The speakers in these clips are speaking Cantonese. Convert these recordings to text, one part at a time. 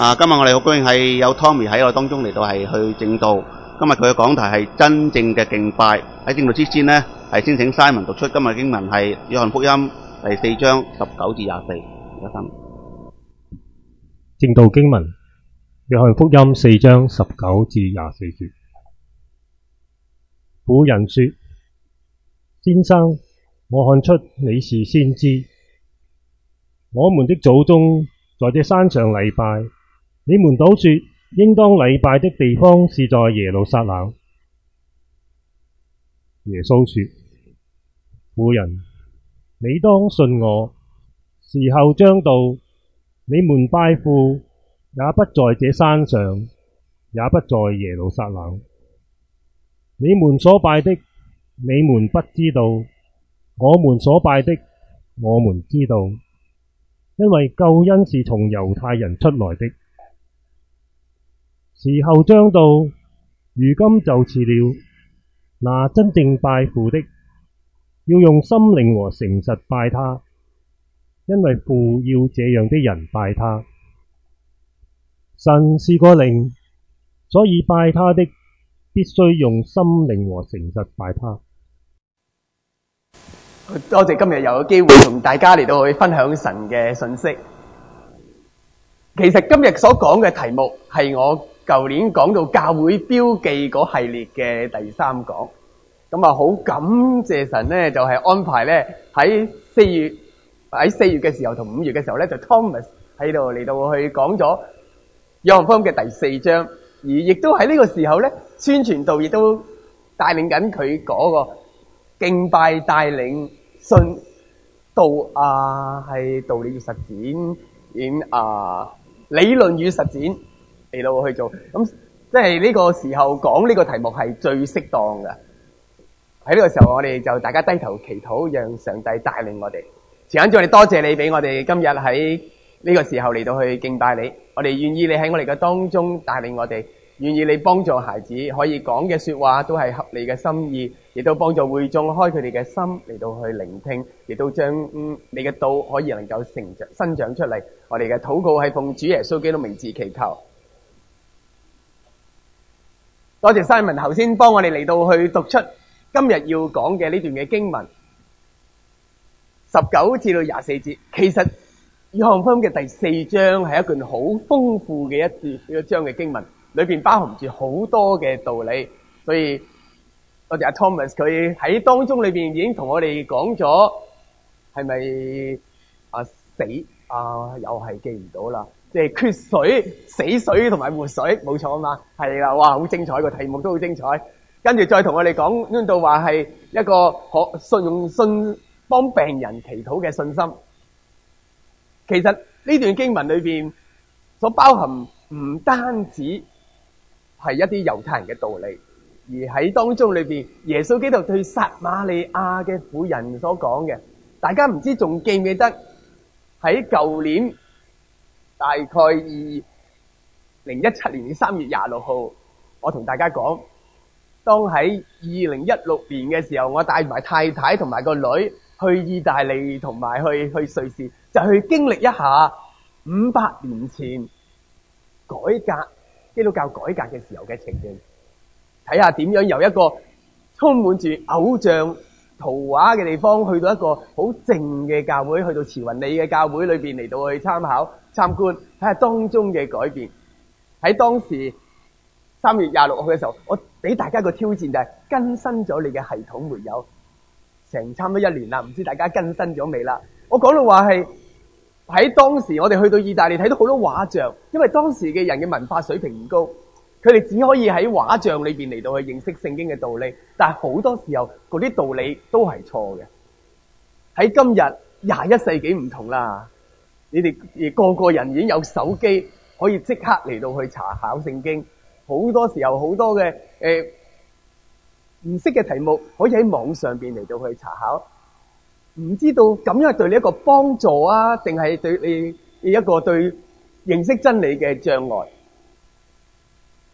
啊！今日我哋好高興係有 Tommy 喺我當中嚟到係去正道。今日佢嘅講題係真正嘅敬拜。喺正道之先呢，係先請 Simon 讀出今日經文係《約翰福音》第四章十九至廿四。一三正道經文《約翰福音》四章十九至廿四節。古人說：先生，我看出你是先知。我們的祖宗在這山上禮拜。你們都說應當禮拜的地方是在耶路撒冷。耶穌說：婦人，你當信我，時候將到，你們拜父也不在這山上，也不在耶路撒冷。你們所拜的，你們不知道；我們所拜的，我們知道，因為救恩是從猶太人出來的。時候將到，如今就遲了。那真正拜父的，要用心靈和誠實拜他，因為父要這樣的人拜他。神是個靈，所以拜他的必須用心靈和誠實拜他。多謝今日又有機會同大家嚟到去分享神嘅信息。其實今日所講嘅題目係我，舊年講到教會標記嗰系列嘅第三講，咁啊好感謝神咧，就係安排咧喺四月喺四月嘅時候同五月嘅時候咧，就 Thomas 喺度嚟到去講咗《雅各福音》嘅第四章，而亦都喺呢個時候咧，宣傳道亦都帶領緊佢嗰個敬拜帶領信道啊，係道理與實踐，然啊理論與實踐。嚟到去做咁，即係呢個時候講呢個題目係最適當嘅。喺呢個時候，我哋就大家低頭祈禱，讓上帝帶領我哋。遲緊再，我哋多謝你俾我哋今日喺呢個時候嚟到去敬拜你。我哋願意你喺我哋嘅當中帶領我哋，願意你幫助孩子可以講嘅說話都係合理嘅心意，亦都幫助會眾開佢哋嘅心嚟到去聆聽，亦都將嗯你嘅道可以能夠成長生長出嚟。我哋嘅禱告係奉主耶穌基督名字祈求。多謝 Simon 頭先幫我哋嚟到去讀出今日要講嘅呢段嘅經文，十九至到廿四節。其實約翰福音嘅第四章係一段好豐富嘅一段一章嘅經文，裏邊包含住好多嘅道理，所以多謝阿 Thomas 佢喺當中裏邊已經同我哋講咗係咪啊？死啊，又係記唔到啦。即係缺水、死水同埋活水，冇錯啊嘛，係啦，哇，好精彩，個題目都好精彩。精彩跟住再同我哋講呢度話係一個可信用信幫病人祈禱嘅信心。其實呢段經文裏邊所包含唔單止係一啲猶太人嘅道理，而喺當中裏邊，耶穌基督對撒瑪利亞嘅婦人所講嘅，大家唔知仲記唔記得喺舊年。大概二零一七年嘅三月廿六號，我同大家講，當喺二零一六年嘅時候，我帶埋太太同埋個女去意大利同埋去去瑞士，就去經歷一下五百年前改革基督教改革嘅時候嘅情景，睇下點樣由一個充滿住偶像圖畫嘅地方，去到一個好靜嘅教會，去到慈雲里嘅教會裏邊嚟到去參考參觀，睇下當中嘅改變。喺當時三月廿六號嘅時候，我俾大家一個挑戰就係更新咗你嘅系統沒有？成差唔多一年啦，唔知大家更新咗未啦？我講到話係喺當時我哋去到意大利睇到好多畫像，因為當時嘅人嘅文化水平唔高。佢哋只可以喺畫像裏邊嚟到去認識聖經嘅道理，但係好多時候嗰啲道理都係錯嘅。喺今日廿一世紀唔同啦，你哋個個人已經有手機可以即刻嚟到去查考聖經，好多時候好多嘅誒，唔識嘅題目，可以喺網上邊嚟到去查考。唔知道咁樣是對你一個幫助啊，定係對你一個對認識真理嘅障礙。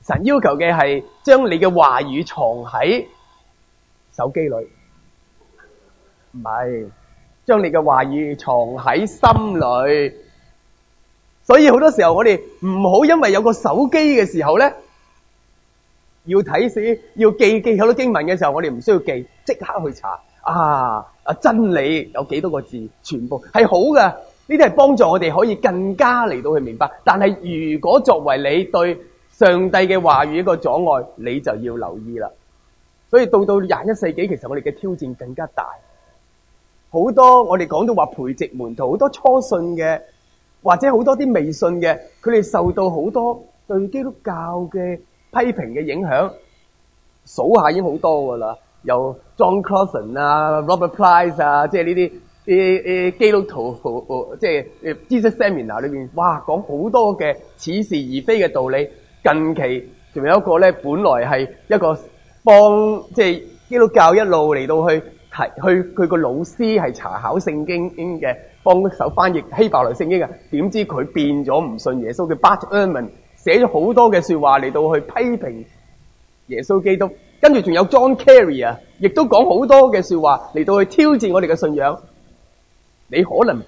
神要求嘅係將你嘅話語藏喺手機裏，唔係將你嘅話語藏喺心裏。所以好多時候我哋唔好因為有個手機嘅時候咧，要睇書要記記好多經文嘅時候，我哋唔需要記，即刻去查啊啊！真理有幾多個字，全部係好嘅，呢啲係幫助我哋可以更加嚟到去明白。但係如果作為你對上帝嘅話語一個阻礙，你就要留意啦。所以到到廿一世紀，其實我哋嘅挑戰更加大。好多我哋講到話培植門徒，好多初信嘅或者好多啲未信嘅，佢哋受到好多對基督教嘅批評嘅影響。數下已經好多㗎啦。有 John Croson 啊、Robert Price 啊，即係呢啲啲啲基督徒即係 Jesus Seminar 裏面哇，講好多嘅似是而非嘅道理。近期仲有一個咧，本來係一個幫，即、就、係、是、基督教一路嚟到去提去佢個老師係查考聖經嘅，幫手翻譯希伯來聖經啊。點知佢變咗唔信耶穌嘅 Bart Ehrman 寫咗好多嘅說話嚟到去批評耶穌基督，跟住仲有 John Carey 啊，亦都講好多嘅說話嚟到去挑戰我哋嘅信仰，你可能？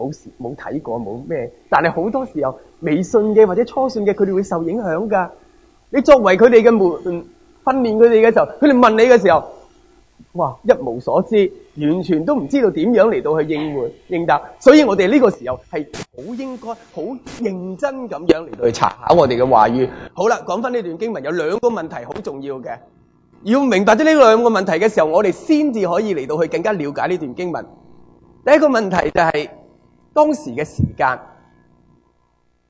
冇冇睇過冇咩？但係好多時候未信嘅，或者初信嘅，佢哋會受影響噶。你作為佢哋嘅門訓練佢哋嘅時候，佢哋問你嘅時候，哇一無所知，完全都唔知道點樣嚟到去應活應答。所以我哋呢個時候係好應該好認真咁樣嚟到去查下我哋嘅話語。好啦，講翻呢段經文有兩個問題好重要嘅，要明白咗呢兩個問題嘅時候，我哋先至可以嚟到去更加了解呢段經文。第一個問題就係。當時嘅時間，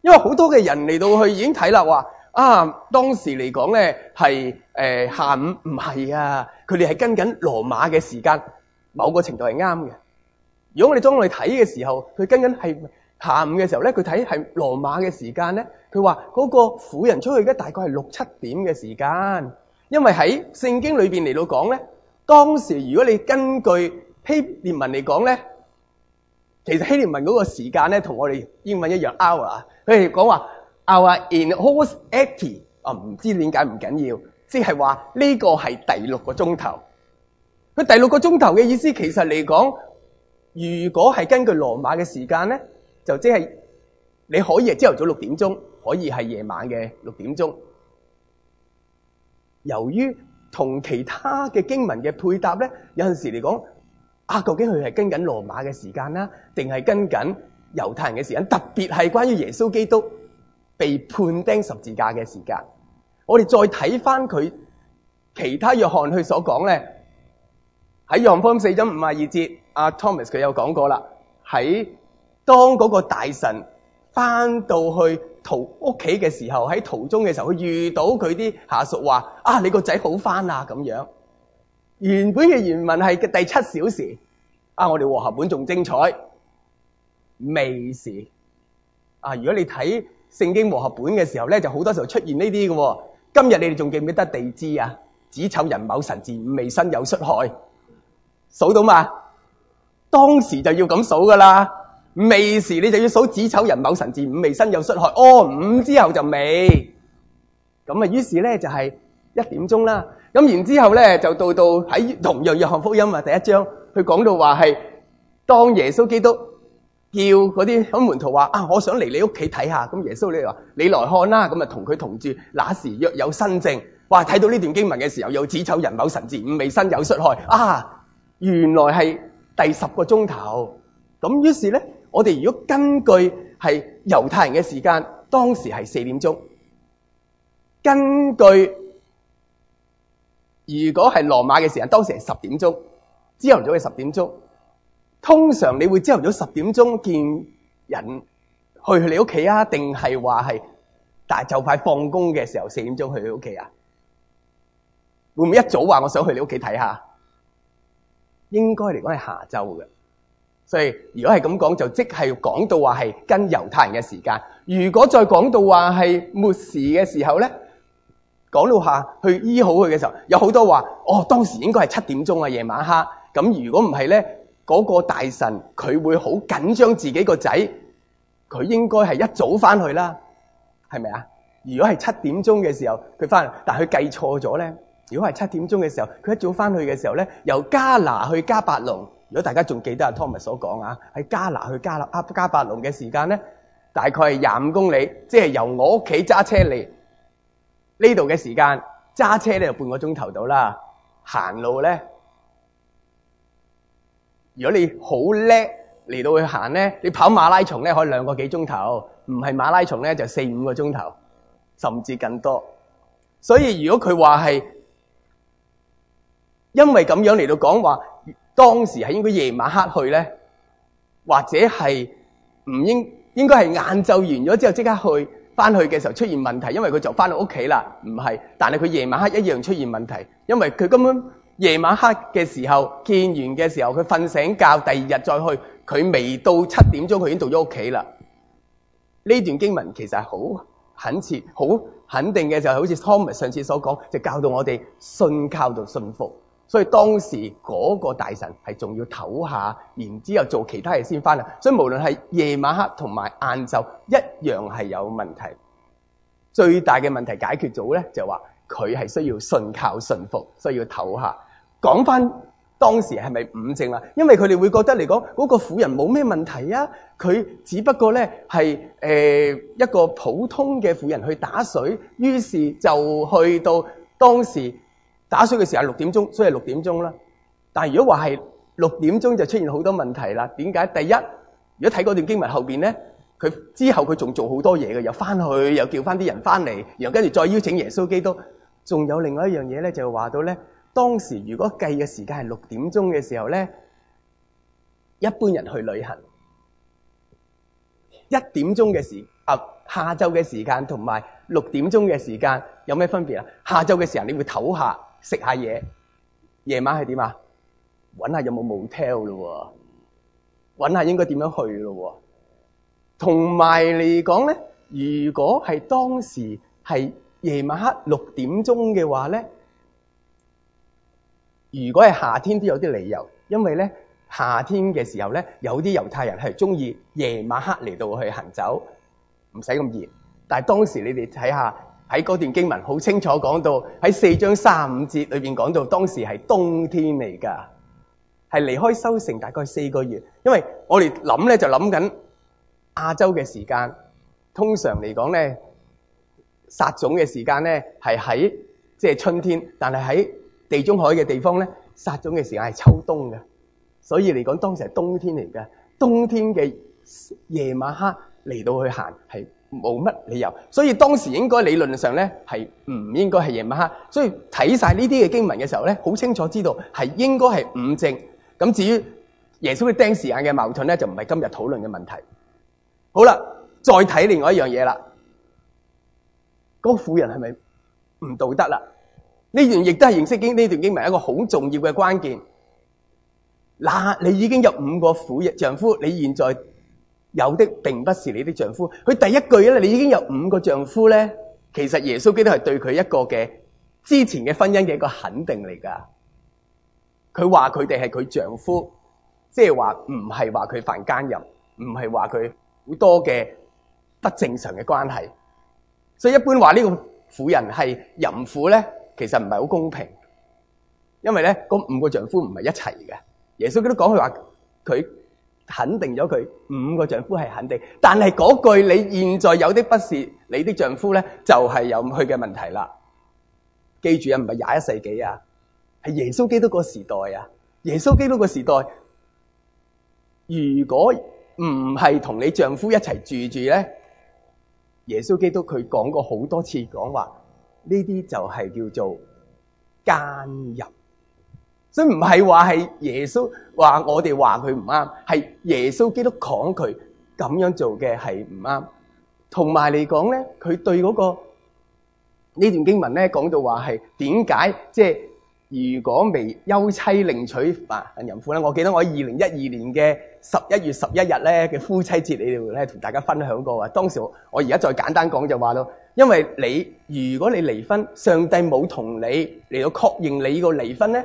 因為好多嘅人嚟到去已經睇啦，話啊當時嚟講咧係誒下午唔係啊，佢哋係跟緊羅馬嘅時間，某個程度係啱嘅。如果你當我哋裝落去睇嘅時候，佢跟緊係下午嘅時候咧，佢睇係羅馬嘅時間咧，佢話嗰個婦人出去嘅大概係六七點嘅時間，因為喺聖經裏邊嚟到講咧，當時如果你根據希列文嚟講咧。其實希臘文嗰個時間咧，同我哋英文一樣 hour 啦。佢哋講話，hour in h o r s e hour，唔知點解唔緊要，即係話呢個係第六個鐘頭。佢第六個鐘頭嘅意思，其實嚟講，如果係根據羅馬嘅時間咧，就即係你可以係朝頭早六點鐘，可以係夜晚嘅六點鐘。由於同其他嘅經文嘅配搭咧，有陣時嚟講。啊！究竟佢係跟緊羅馬嘅時間啦，定係跟緊猶太人嘅時間？特別係關於耶穌基督被判釘十字架嘅時間。我哋再睇翻佢其他約翰佢所講咧，喺約翰福音四章五十二節，阿、啊、Thomas 佢有講過啦。喺當嗰個大臣翻到去屋企嘅時候，喺途中嘅時候，佢遇到佢啲下屬話：啊，你個仔好翻啦咁樣。原本嘅原文係嘅第七小時，啊，我哋和合本仲精彩。未時，啊，如果你睇聖經和合本嘅時候咧，就好多時候出現呢啲嘅。今日你哋仲記唔記得地支啊？子丑寅卯辰巳午未申酉戌亥，數到嘛？當時就要咁數噶啦。未時你就要數子丑寅卯辰巳午未申酉戌亥，哦，午之後就未。咁啊，於是咧就係一點鐘啦。咁然之後咧，就到到喺同樣《約翰福音》啊，第一章，佢講到話係當耶穌基督叫嗰啲門徒話啊，我想嚟你屋企睇下。咁耶穌咧話：你來看啦。咁啊，同佢同住。那時若有申正，哇！睇到呢段經文嘅時候，有子丑寅卯辰巳午未申酉戌亥啊，原來係第十個鐘頭。咁於是咧，我哋如果根據係猶太人嘅時間，當時係四點鐘，根據。如果係羅馬嘅時間，當時係十點鐘，朝頭早嘅十點鐘，通常你會朝頭早十點鐘見人去你屋企啊？定係話係，但就快放工嘅時候四點鐘去你屋企啊？會唔會一早話我想去你屋企睇下？應該嚟講係下晝嘅，所以如果係咁講，就即係講到話係跟猶太人嘅時間。如果再講到話係末時嘅時候咧？講到下去醫好佢嘅時候，有好多話。哦，當時應該係七點鐘啊，夜晚黑。咁如果唔係呢嗰個大臣，佢會好緊張自己個仔。佢應該係一早翻去啦，係咪啊？如果係七點鐘嘅時候佢翻嚟，但係佢計錯咗呢。如果係七點鐘嘅時候，佢一早翻去嘅時候呢，由加拿去加百隆，如果大家仲記得阿 Tommy 所講啊，喺加拿去加拿加百隆嘅時間呢，大概係廿五公里，即係由我屋企揸車嚟。呢度嘅時間揸車咧就半個鐘頭到啦，行路咧，如果你好叻嚟，到去行咧，你跑馬拉松咧可以兩個幾鐘頭，唔係馬拉松咧就四五個鐘頭，甚至更多。所以如果佢話係因為咁樣嚟到講話，當時係應該夜晚黑去咧，或者係唔應應該係晏晝完咗之後即刻去。翻去嘅時候出現問題，因為佢就翻到屋企啦，唔係，但係佢夜晚黑一樣出現問題，因為佢根本夜晚黑嘅時候見完嘅時候，佢瞓醒覺，第二日再去，佢未到七點鐘，佢已經到咗屋企啦。呢段經文其實係好懇切、好肯定嘅，就係、是、好似 Thomas 上次所講，就教到我哋信靠到信服。所以當時嗰個大臣係仲要唞下，然之後做其他嘢先翻啊！所以無論係夜晚黑同埋晏晝一樣係有問題。最大嘅問題解決咗呢，就話佢係需要信靠、信服，需要唞下。講翻當時係咪五正啊？因為佢哋會覺得嚟講嗰個婦人冇咩問題呀。佢只不過呢係誒一個普通嘅婦人去打水，於是就去到當時。打水嘅時候係六點鐘，所以係六點鐘啦。但係如果話係六點鐘就出現好多問題啦。點解？第一，如果睇嗰段經文後邊咧，佢之後佢仲做好多嘢嘅，又翻去，又叫翻啲人翻嚟，然後跟住再邀請耶穌基督。仲有另外一樣嘢咧，就話到咧，當時如果計嘅時間係六點鐘嘅時候咧，一般人去旅行一點鐘嘅時啊，下晝嘅時間同埋六點鐘嘅時間有咩分別啊？下晝嘅時候你會唞下。食下嘢，夜晚係點啊？揾下有冇 motel 咯喎，揾下應該點樣去咯、啊、喎。同埋嚟講咧，如果係當時係夜晚黑六點鐘嘅話咧，如果係夏天都有啲理由，因為咧夏天嘅時候咧，有啲猶太人係中意夜晚黑嚟到去行走，唔使咁熱。但係當時你哋睇下。喺嗰段經文好清楚講到，喺四章三五節裏邊講到，當時係冬天嚟㗎，係離開收成大概四個月。因為我哋諗咧就諗緊亞洲嘅時間，通常嚟講咧，撒種嘅時間咧係喺即係春天，但係喺地中海嘅地方咧，撒種嘅時間係秋冬嘅。所以嚟講，當時係冬天嚟㗎，冬天嘅夜晚黑嚟到去行係。冇乜理由，所以當時應該理論上咧係唔應該係夜晚黑，所以睇晒呢啲嘅經文嘅時候咧，好清楚知道係應該係午正。咁至於耶穌嘅釘時間嘅矛盾咧，就唔係今日討論嘅問題。好啦，再睇另外一樣嘢啦。嗰婦人係咪唔道德啦？呢段亦都係認識經呢段經文一個好重要嘅關鍵。嗱，你已經有五個婦人丈夫，你現在？有的並不是你的丈夫，佢第一句咧，你已經有五個丈夫咧，其實耶穌基督係對佢一個嘅之前嘅婚姻嘅一個肯定嚟噶。佢話佢哋係佢丈夫，即係話唔係話佢犯奸淫，唔係話佢好多嘅不正常嘅關係。所以一般話呢個婦人係淫婦咧，其實唔係好公平，因為咧嗰五個丈夫唔係一齊嘅。耶穌基督講佢話佢。肯定咗佢五個丈夫係肯定，但係嗰句你現在有的不是你的丈夫咧，就係有佢嘅問題啦。記住啊，唔係廿一世紀啊，係耶穌基督個時代啊。耶穌基督個時代，如果唔係同你丈夫一齊住住咧，耶穌基督佢講過好多次講話，呢啲就係叫做奸淫。所以唔係話係耶穌話我哋話佢唔啱，係耶穌基督講佢咁樣做嘅係唔啱。同埋嚟講咧，佢對嗰個呢段經文咧講到話係點解？即係如果未休妻另娶啊，淫婦咧，我記得我喺二零一二年嘅十一月十一日咧嘅夫妻節，你哋咧同大家分享過啊。當時我我而家再簡單講就話咯，因為你如果你離婚，上帝冇同你嚟到確認你個離婚咧。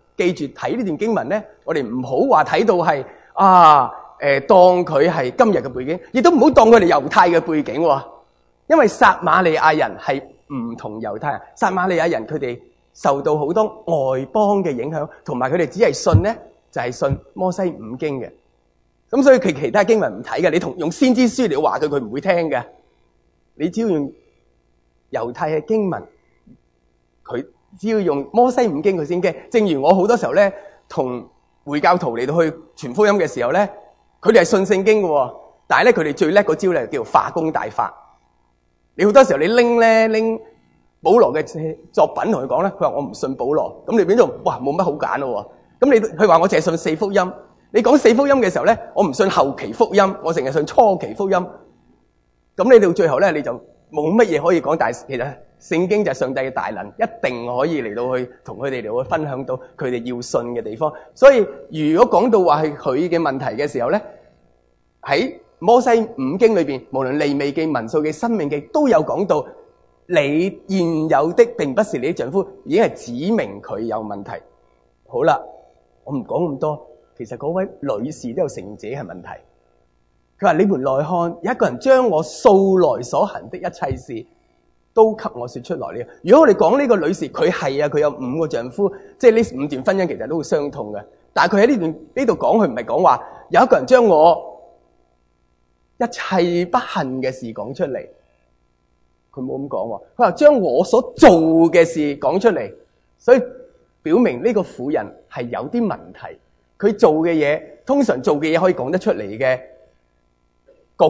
記住睇呢段經文咧，我哋唔好話睇到係啊，誒，當佢係今日嘅背景，亦都唔好當佢哋猶太嘅背景。因為撒瑪利亞人係唔同猶太人，撒瑪利亞人佢哋受到好多外邦嘅影響，同埋佢哋只係信咧就係信摩西五經嘅。咁所以佢其他經文唔睇嘅，你同用先知書嚟話佢，佢唔會聽嘅。你只要用猶太嘅經文，佢。只要用摩西五經佢先嘅，正如我好多時候咧，同回教徒嚟到去傳福音嘅時候咧，佢哋係信聖經嘅，但係咧佢哋最叻個招咧叫化功大法。你好多時候你拎咧拎保羅嘅作品同佢講咧，佢話我唔信保羅。咁你邊度？哇，冇乜好揀咯喎。咁你佢話我淨係信四福音。你講四福音嘅時候咧，我唔信後期福音，我淨係信初期福音。咁你到最後咧，你就～冇乜嘢可以講，但係其實聖經就係上帝嘅大能，一定可以嚟到去同佢哋嚟到分享到佢哋要信嘅地方。所以如果講到話係佢嘅問題嘅時候咧，喺摩西五經裏邊，無論利未記、民數記、申命記都有講到，你現有的並不是你丈夫，已經係指明佢有問題。好啦，我唔講咁多，其實嗰位女士都有成者係問題。佢話：他說你們來看，有一個人將我素來所行的一切事都給我説出來了。如果我哋講呢個女士，佢係啊，佢有五個丈夫，即係呢五段婚姻其實都好傷痛嘅。但係佢喺呢段呢度講，佢唔係講話有一個人將我一切不幸嘅事講出嚟，佢冇咁講喎。佢話將我所做嘅事講出嚟，所以表明呢個婦人係有啲問題。佢做嘅嘢，通常做嘅嘢可以講得出嚟嘅。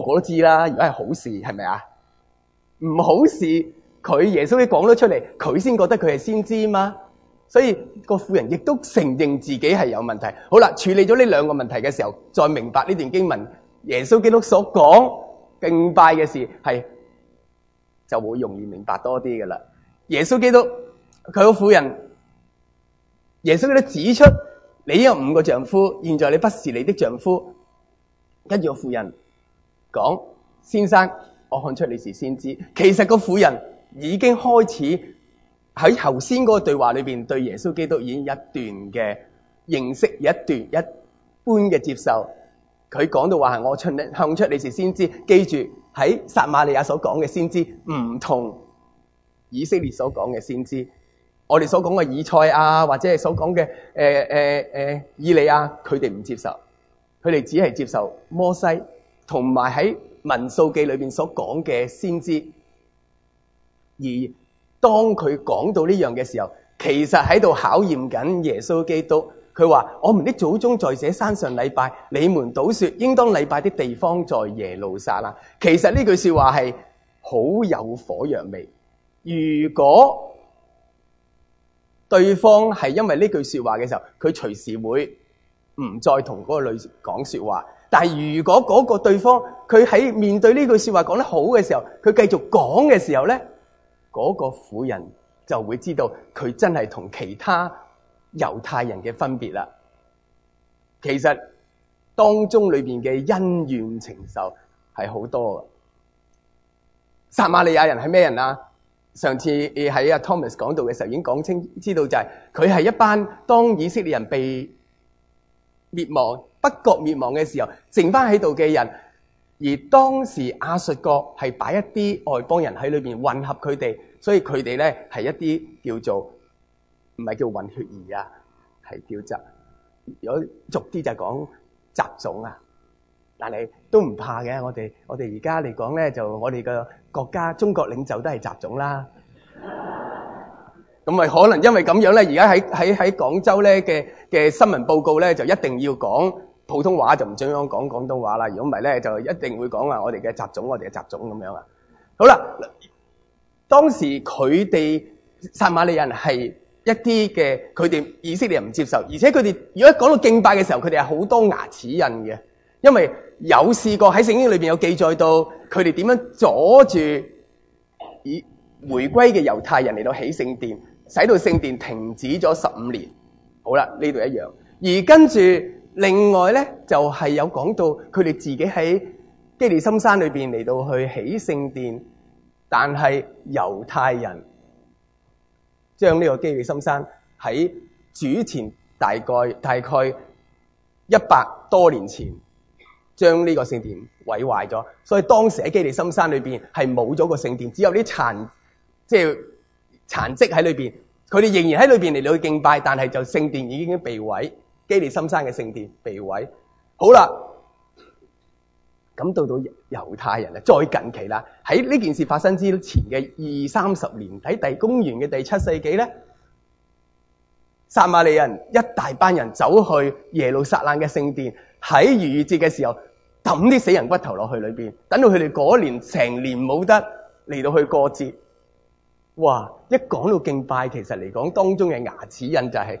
個個都知啦，如果係好事，係咪啊？唔好事，佢耶穌都講咗出嚟，佢先覺得佢係先知啊嘛。所以個婦人亦都承認自己係有問題。好啦，處理咗呢兩個問題嘅時候，再明白呢段經文，耶穌基督所講敬拜嘅事係就會容易明白多啲㗎啦。耶穌基督，佢個婦人，耶穌基督指出你有五個丈夫，現在你不是你的丈夫，跟住個婦人。講先生，我看出你是先知。其實個婦人已經開始喺頭先嗰個對話裏面對耶穌基督已經一段嘅認識，一段一般嘅接受。佢講到話我出看出你是先知。記住喺撒瑪利亞所講嘅先知唔同以色列所講嘅先知。我哋所講嘅以賽亞或者係所講嘅誒誒誒以利亞，佢哋唔接受，佢哋只係接受摩西。同埋喺《文素記》裏邊所講嘅先知，而當佢講到呢樣嘅時候，其實喺度考驗緊耶穌基督。佢話：我們的祖宗在這山上禮拜，你們倒說應當禮拜的地方在耶路撒冷。其實呢句說話係好有火藥味。如果對方係因為呢句說話嘅時候，佢隨時會唔再同嗰個女講說話。但係如果嗰個對方佢喺面對呢句話說話講得好嘅時候，佢繼續講嘅時候咧，嗰、嗰個婦人就會知道佢真係同其他猶太人嘅分別啦。其實當中裏邊嘅恩怨情仇係好多嘅。撒瑪利亞人係咩人啊？上次喺阿 Thomas 講到嘅時候已經講清，知道就係佢係一班當以色列人被滅亡。北國滅亡嘅時候，剩翻喺度嘅人，而當時亞述國係擺一啲外邦人喺裏邊混合佢哋，所以佢哋咧係一啲叫做唔係叫混血兒啊，係叫雜有俗啲就講雜種啊。但係都唔怕嘅，我哋我哋而家嚟講咧，就我哋嘅國家中國領袖都係雜種啦。咁咪可能因為咁樣咧，而家喺喺喺廣州咧嘅嘅新聞報告咧就一定要講。普通話就唔想講講廣東話啦。如果唔係咧，就一定會講話我哋嘅雜種，我哋嘅雜種咁樣啊。好啦，當時佢哋撒馬利人係一啲嘅佢哋以色列人唔接受，而且佢哋如果講到敬拜嘅時候，佢哋係好多牙齒印嘅，因為有試過喺聖經裏面有記載到佢哋點樣阻住以回歸嘅猶太人嚟到起聖殿，使到聖殿停止咗十五年。好啦，呢度一樣，而跟住。另外咧，就係有講到佢哋自己喺基利心山裏面嚟到去起聖殿，但係猶太人將呢個基利心山喺主前大概大概一百多年前將呢個聖殿毀壞咗，所以當時喺基利心山裏面係冇咗個聖殿，只有啲殘即係殘跡喺裏面。佢哋仍然喺裏面嚟到去敬拜，但係就聖殿已經被毀。基利心山嘅聖殿被毀，好啦，咁到到猶太人啊，再近期啦，喺呢件事發生之前嘅二三十年底，喺第公元嘅第七世紀咧，撒瑪利亞人一大班人走去耶路撒冷嘅聖殿，喺逾越節嘅時候抌啲死人骨頭落去裏邊，等到佢哋嗰年成年冇得嚟到去過節，哇！一講到敬拜，其實嚟講當中嘅牙齒印就係、是。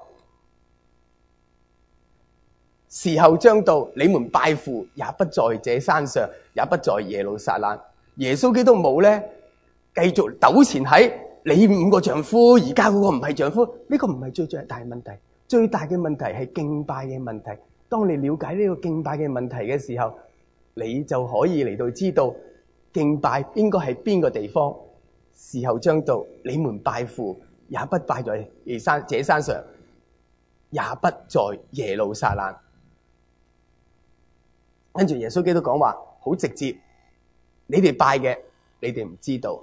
時候將到，你們拜父也不在這山上，也不在耶路撒冷。耶穌基督冇呢，繼續糾纏喺你五個丈夫，而家嗰個唔係丈夫，呢個唔係最最大問題。最大嘅問題係敬拜嘅問題。當你了解呢個敬拜嘅問題嘅時候，你就可以嚟到知道敬拜應該喺邊個地方。時候將到，你們拜父也不拜在山這山上，也不在耶路撒冷。跟住耶穌基督講話，好直接。你哋拜嘅，你哋唔知道。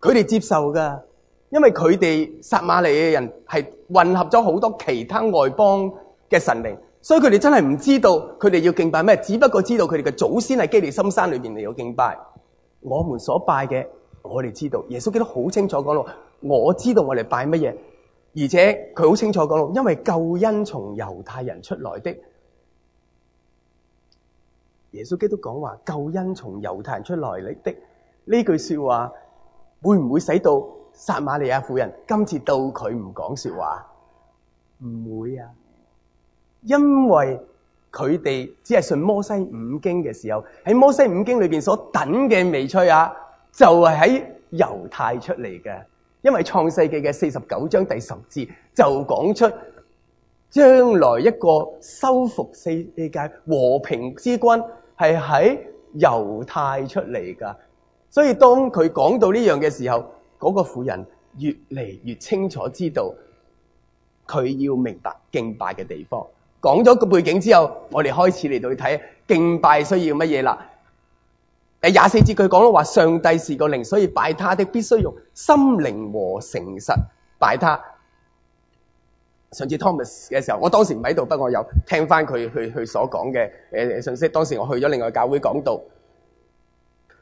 佢哋接受噶，因為佢哋撒馬利嘅人係混合咗好多其他外邦嘅神靈，所以佢哋真係唔知道佢哋要敬拜咩。只不過知道佢哋嘅祖先喺基利心山裏面嚟有敬拜。我們所拜嘅，我哋知道。耶穌基督好清楚講到：「我知道我哋拜乜嘢。」而且佢好清楚講到：「因為救恩從猶太人出來的。」耶穌基督講話，救恩從猶太人出來咧的，呢句說話會唔會使到撒馬利亞婦人今次到佢唔講說話？唔會啊，因為佢哋只係信摩西五經嘅時候，喺摩西五經裏邊所等嘅彌賽亞就係喺猶太出嚟嘅，因為創世紀嘅四十九章第十節就講出將來一個修復世界和平之君。係喺猶太出嚟噶，所以當佢講到呢樣嘅時候，嗰個婦人越嚟越清楚知道佢要明白敬拜嘅地方。講咗個背景之後，我哋開始嚟到去睇敬拜需要乜嘢啦？誒，廿四節佢講到話，上帝是個靈，所以拜他的必須用心靈和誠實拜他。上次 Thomas 嘅時候，我當時唔喺度，不過有聽翻佢佢佢所講嘅誒信息。當時我去咗另外教會講到，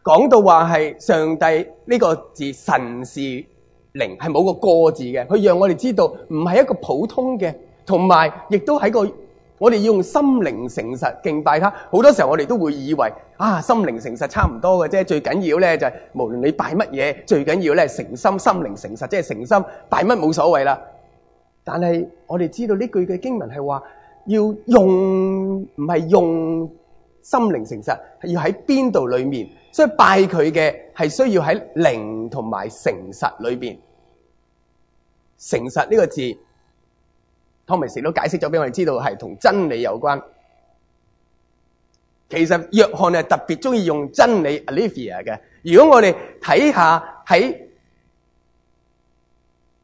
講到話係上帝呢個字神是靈，係冇個個字嘅。佢讓我哋知道，唔係一個普通嘅，同埋亦都喺個我哋要用心靈誠實敬拜他。好多時候我哋都會以為啊，心靈誠實差唔多嘅啫。最緊要咧就係無論你拜乜嘢，最緊要咧誠心心靈誠實，即係誠心拜乜冇所謂啦。但係我哋知道呢句嘅經文係話要用唔係用心靈誠實，係要喺邊度裏面？所以拜佢嘅係需要喺靈同埋誠實裏邊。誠實呢個字，Thomas 都解釋咗俾我哋知道係同真理有關。其實約翰係特別中意用真理 Aletheia 嘅。如果我哋睇下喺。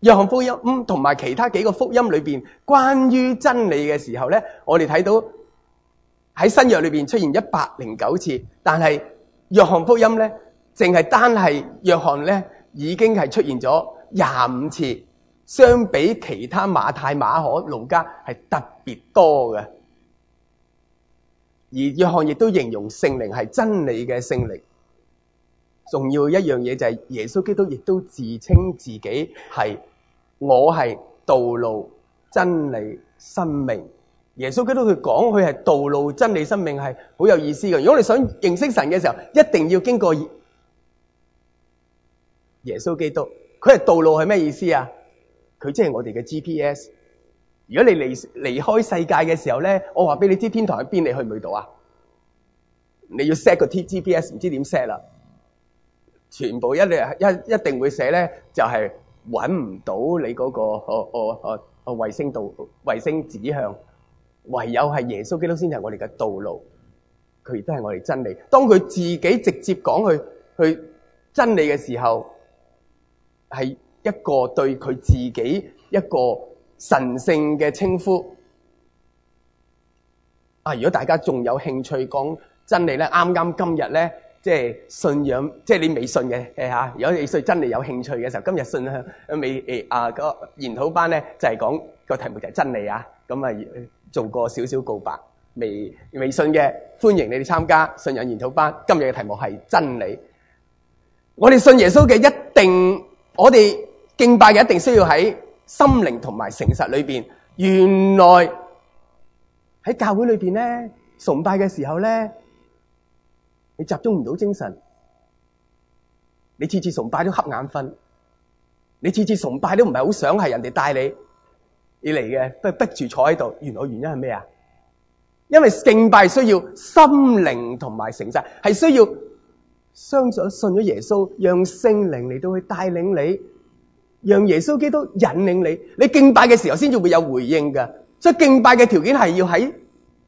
約翰福音嗯，同埋其他幾個福音裏邊關於真理嘅時候咧，我哋睇到喺新約裏邊出現一百零九次，但係約翰福音咧，淨係單係約翰咧，已經係出現咗廿五次，相比其他馬太、馬可、路加係特別多嘅。而約翰亦都形容聖靈係真理嘅聖靈。重要一樣嘢就係耶穌基督亦都自稱自己係。我係道路真理生命。耶穌基督佢講佢係道路真理生命係好有意思嘅。如果你想認識神嘅時候，一定要經過耶穌基督。佢係道路係咩意思啊？佢即係我哋嘅 GPS。如果你離離開世界嘅時候咧，我話俾你知，天堂喺邊，你去唔去到啊？你要 set 個 TGPS，唔知點 set 啦。全部一一一定會寫咧，就係、是。揾唔到你嗰個，哦哦哦哦，衛星導衛星指向，唯有係耶穌基督先係我哋嘅道路，佢亦都係我哋真理。當佢自己直接講佢佢真理嘅時候，係一個對佢自己一個神性嘅稱呼。啊！如果大家仲有興趣講真理咧，啱啱今日咧。即係信仰，即係你未信嘅，誒嚇！如果你真係有興趣嘅時候，今日信仰未誒啊個研討班咧，就係講個題目就係真理啊！咁啊，做過少少告白，未未信嘅歡迎你哋參加信仰研討班。今日嘅題目係真理。我哋信耶穌嘅一定，我哋敬拜嘅一定需要喺心靈同埋誠實裏邊。原來喺教會裏邊咧，崇拜嘅時候咧。你集中唔到精神，你次次崇拜都瞌眼瞓，你次次崇拜都唔係好想係人哋帶你而嚟嘅，都係逼住坐喺度。原來原因係咩啊？因為敬拜需要心靈同埋誠實，係需要相信信咗耶穌，讓聖靈嚟到去帶領你，讓耶穌基督引領你。你敬拜嘅時候先至會有回應嘅，所以敬拜嘅條件係要喺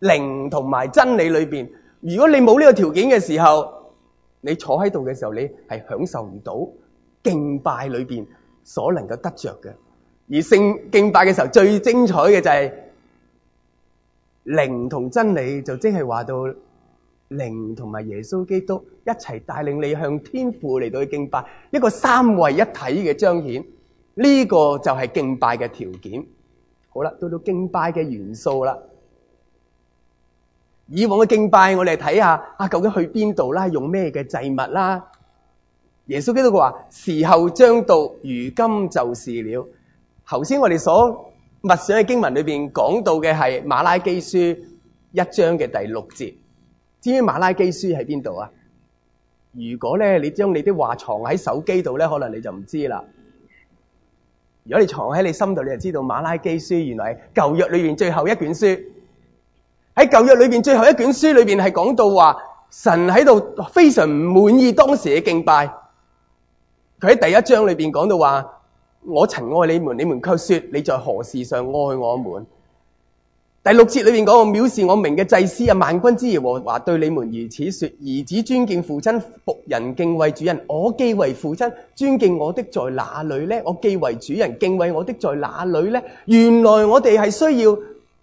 靈同埋真理裏邊。如果你冇呢個條件嘅時候，你坐喺度嘅時候，你係享受唔到敬拜裏邊所能夠得着嘅。而聖敬拜嘅時候最精彩嘅就係靈同真理，就即係話到靈同埋耶穌基督一齊帶領你向天父嚟到去敬拜，一個三位一體嘅彰顯。呢個就係敬拜嘅條件。好啦，到到敬拜嘅元素啦。以往嘅敬拜，我哋睇下啊，究竟去邊度啦？用咩嘅祭物啦？耶穌基督佢話：時候將到，如今就是了。頭先我哋所默想嘅經文裏邊講到嘅係馬拉基書一章嘅第六節。至於馬拉基書喺邊度啊？如果咧你將你啲話藏喺手機度咧，可能你就唔知啦。如果你藏喺你心度，你就知道馬拉基書原來舊約裏面最後一卷書。喺舊約裏邊最後一卷書裏邊係講到話神喺度非常唔滿意當時嘅敬拜。佢喺第一章裏邊講到話：我曾愛你們，你們卻說你在何事上愛我們？第六節裏邊講我藐視我名嘅祭司啊，萬軍之耶和華對你們如此說：兒子尊敬父親，僕人敬畏主人。我既為父親尊敬我的在哪裏呢？我既為主人敬畏我的在哪裏呢？原來我哋係需要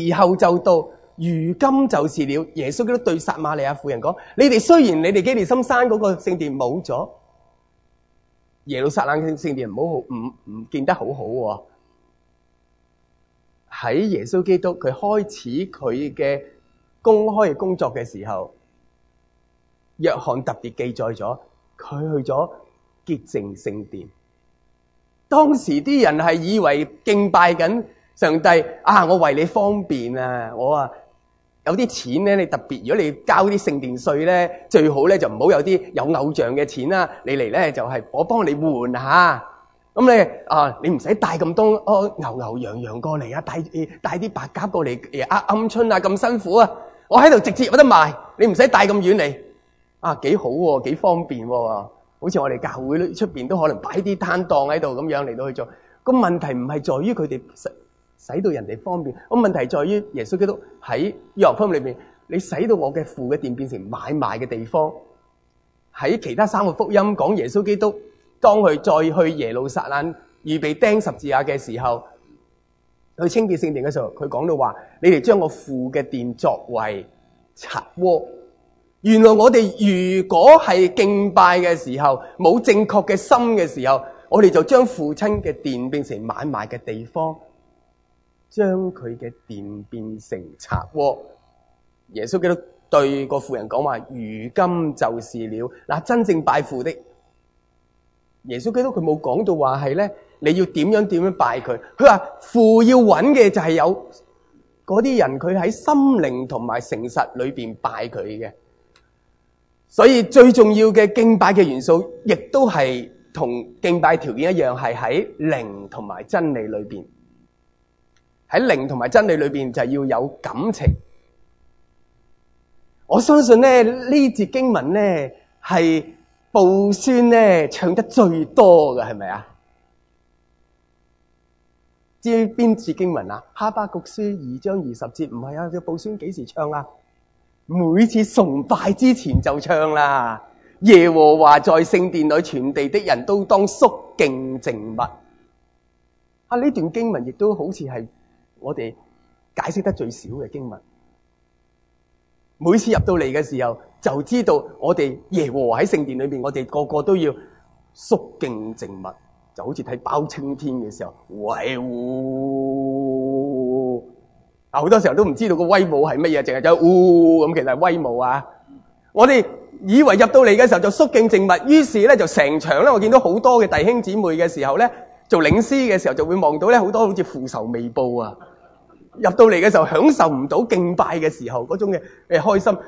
時候就到，如今就是了。耶穌基督對撒馬利亞婦人講：你哋，雖然你哋基利心山嗰個聖殿冇咗，耶路撒冷聖殿唔好唔唔見得好好喎。喺耶穌基督佢開始佢嘅公開工作嘅時候，約翰特別記載咗佢去咗潔淨聖殿。當時啲人係以為敬拜緊。上帝啊！我為你方便啊！我啊有啲錢咧，你特別如果你交啲聖殿稅咧，最好咧就唔好有啲有偶像嘅錢啦。你嚟咧就係我幫你換吓。咁你啊，你唔使帶咁多牛牛羊羊過嚟啊，帶帶啲白鴿過嚟誒，鵪鶉啊咁辛苦啊！我喺度直接有得賣，你唔使帶咁遠嚟啊，幾好喎，幾方便喎！好似我哋教會出邊都可能擺啲攤檔喺度咁樣嚟到去做。個問題唔係在於佢哋。使到人哋方便。咁問題在於耶穌基督喺約翰福音裏面，你使到我嘅父嘅殿變成買賣嘅地方。喺其他三個福音講耶穌基督當佢再去耶路撒冷預備釘十字架嘅時候，去清潔聖殿嘅時候，佢講到話，你哋將我父嘅殿作為賊窩。原來我哋如果係敬拜嘅時候冇正確嘅心嘅時候，我哋就將父親嘅殿變成買賣嘅地方。將佢嘅殿變成賊窩。耶穌基督對個婦人講話，如今就是了。嗱，真正拜父的，耶穌基督佢冇講到話係咧，你要點樣點樣拜佢。佢話父要揾嘅就係有嗰啲人，佢喺心靈同埋誠實裏邊拜佢嘅。所以最重要嘅敬拜嘅元素，亦都係同敬拜條件一樣，係喺靈同埋真理裏邊。喺靈同埋真理裏邊就要有感情。我相信咧呢節經文咧係布宣咧唱得最多嘅係咪啊？至於邊節經文啊？哈巴谷書二章二十節唔係啊？叫布宣幾時唱啊？每次崇拜之前就唱啦、啊。耶和華在聖殿裏，全地的人都當肅敬靜默。啊呢段經文亦都好似係。我哋解釋得最少嘅經文，每次入到嚟嘅時候，就知道我哋耶和華喺聖殿裏面。我哋個個都要肅敬靜默，就好似睇包青天嘅時候，哇！啊，好多時候都唔知道個威武係乜嘢，淨係嗚咁其實係威武啊！我哋以為入到嚟嘅時候就肅敬靜默。於是咧就成場咧，我見到好多嘅弟兄姊妹嘅時候咧，做領師嘅時候就會望到咧好多好似父仇未報啊！入到嚟嘅時候，享受唔到敬拜嘅時候嗰種嘅誒開心。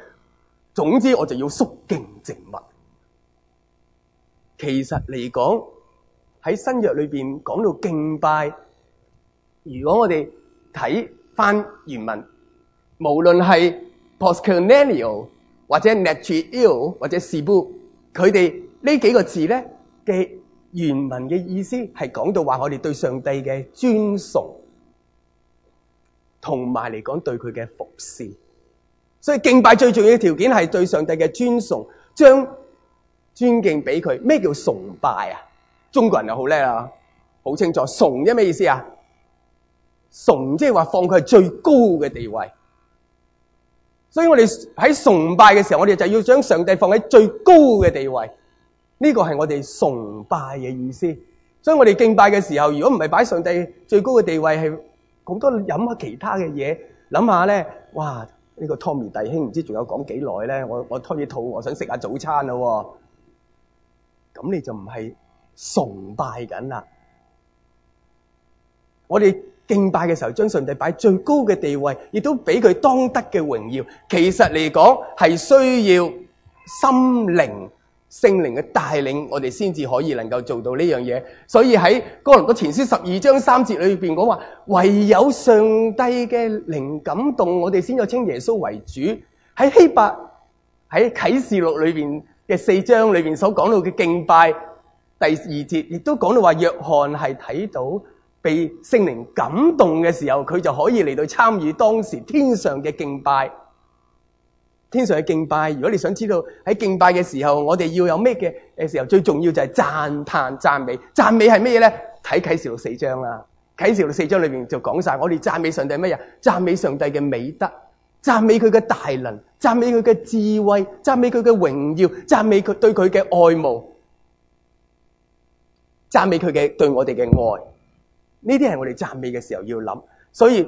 總之我就要肅敬靜默。其實嚟講喺新約裏邊講到敬拜，如果我哋睇翻原文，無論係 postcolonial 或者 natural 或者 sebo 佢哋呢幾個字咧嘅原文嘅意思係講到話我哋對上帝嘅尊崇。同埋嚟講對佢嘅服侍，所以敬拜最重要嘅條件係對上帝嘅尊崇，將尊敬俾佢。咩叫崇拜啊？中國人又好叻啦，好清楚。崇即係咩意思啊？崇即係話放佢係最高嘅地位。所以我哋喺崇拜嘅時候，我哋就要將上帝放喺最高嘅地位。呢個係我哋崇拜嘅意思。所以我哋敬拜嘅時候，如果唔係擺上帝最高嘅地位，係。咁多飲下其他嘅嘢，諗下咧，哇！呢個 Tommy 弟兄唔知仲有講幾耐咧，我我開始肚餓，我想食下早餐咯。咁你就唔係崇拜緊啦。我哋敬拜嘅時候，將上帝擺最高嘅地位，亦都俾佢當得嘅榮耀。其實嚟講，係需要心靈。聖靈嘅帶領，我哋先至可以能夠做到呢樣嘢。所以喺《哥林多前書》十二章三節裏邊講話，唯有上帝嘅靈感動，我哋先至稱耶穌為主。喺希伯喺《啟示錄》裏邊嘅四章裏邊所講到嘅敬拜，第二節亦都講到話，約翰係睇到被聖靈感動嘅時候，佢就可以嚟到參與當時天上嘅敬拜。天上嘅敬拜，如果你想知道喺敬拜嘅時候，我哋要有咩嘅誒時候，最重要就係讚嘆、讚美、讚美係咩嘢咧？睇啟示錄四章啦，啟示錄四章裏邊就講晒，我哋讚美上帝乜嘢？讚美上帝嘅美德，讚美佢嘅大能，讚美佢嘅智慧，讚美佢嘅榮耀，讚美佢對佢嘅愛慕，讚美佢嘅對我哋嘅愛。呢啲係我哋讚美嘅時候要諗，所以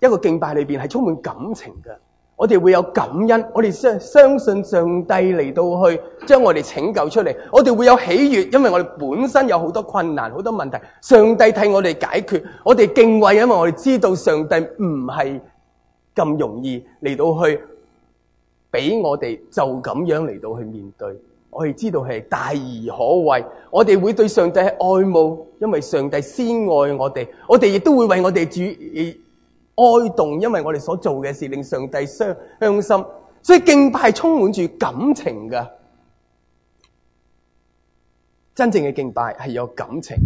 一個敬拜裏邊係充滿感情嘅。我哋會有感恩，我哋相相信上帝嚟到去將我哋拯救出嚟。我哋會有喜悅，因為我哋本身有好多困難、好多問題，上帝替我哋解決。我哋敬畏，因為我哋知道上帝唔係咁容易嚟到去俾我哋就咁樣嚟到去面對。我哋知道係大而可畏。我哋會對上帝係愛慕，因為上帝先愛我哋。我哋亦都會為我哋主。哀動，因為我哋所做嘅事令上帝傷心，所以敬拜係充滿住感情嘅。真正嘅敬拜係有感情，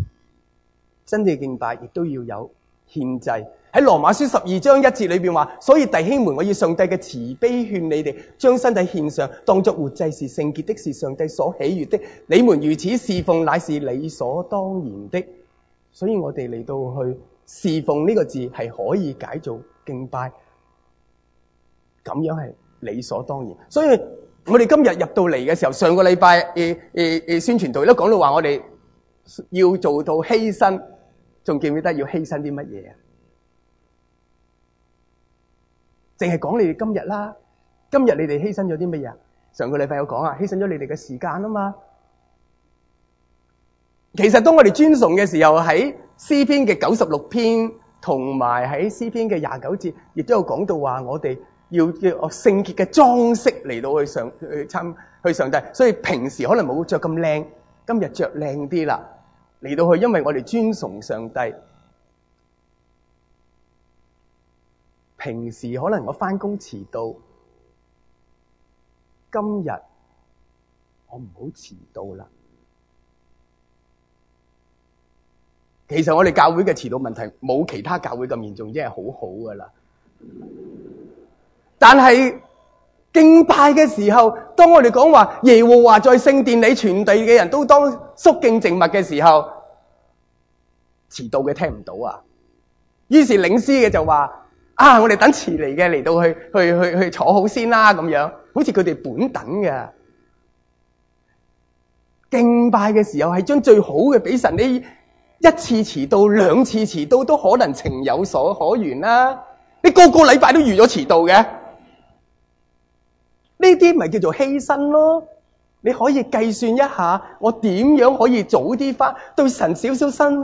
真正嘅敬拜亦都要有獻祭。喺羅馬書十二章一節裏邊話：，所以弟兄們，我以上帝嘅慈悲勸你哋，將身體獻上，當作活祭，是聖潔的，是上帝所喜悦的。你們如此侍奉，乃是理所當然的。所以我哋嚟到去。侍奉呢個字係可以解做敬拜，咁樣係理所當然。所以我哋今日入到嚟嘅時候，上個禮拜誒誒誒宣傳隊都講到話，我哋要做到犧牲，仲記唔記得要犧牲啲乜嘢啊？淨係講你哋今日啦，今日你哋犧牲咗啲乜嘢啊？上個禮拜有講啊，犧牲咗你哋嘅時間啊嘛。其實當我哋尊崇嘅時候喺。詩篇嘅九十六篇，同埋喺詩篇嘅廿九節，亦都有講到話我哋要叫聖潔嘅裝飾嚟到去上去參去上帝。所以平時可能冇著咁靚，今日著靚啲啦，嚟到去，因為我哋尊崇上帝。平時可能我返工遲到，今日我唔好遲到啦。其實我哋教會嘅遲到問題冇其他教會咁嚴重，真係好好噶啦。但係敬拜嘅時候，當我哋講話耶和華在聖殿裏全地嘅人都當肅敬靜默嘅時候，遲到嘅聽唔到啊。於是領師嘅就話：啊，我哋等遲嚟嘅嚟到去去去去坐好先啦。咁樣，好似佢哋本等嘅敬拜嘅時候，係將最好嘅俾神一次遲到，兩次遲到都可能情有所可原啦。你個個禮拜都預咗遲到嘅，呢啲咪叫做犧牲咯？你可以計算一下，我點樣可以早啲返，對神少少身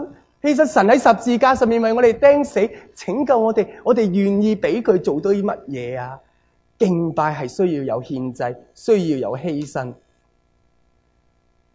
犧牲。神喺十字架上面為我哋釘死，拯救我哋。我哋願意俾佢做到啲乜嘢啊？敬拜係需要有獻祭，需要有犧牲。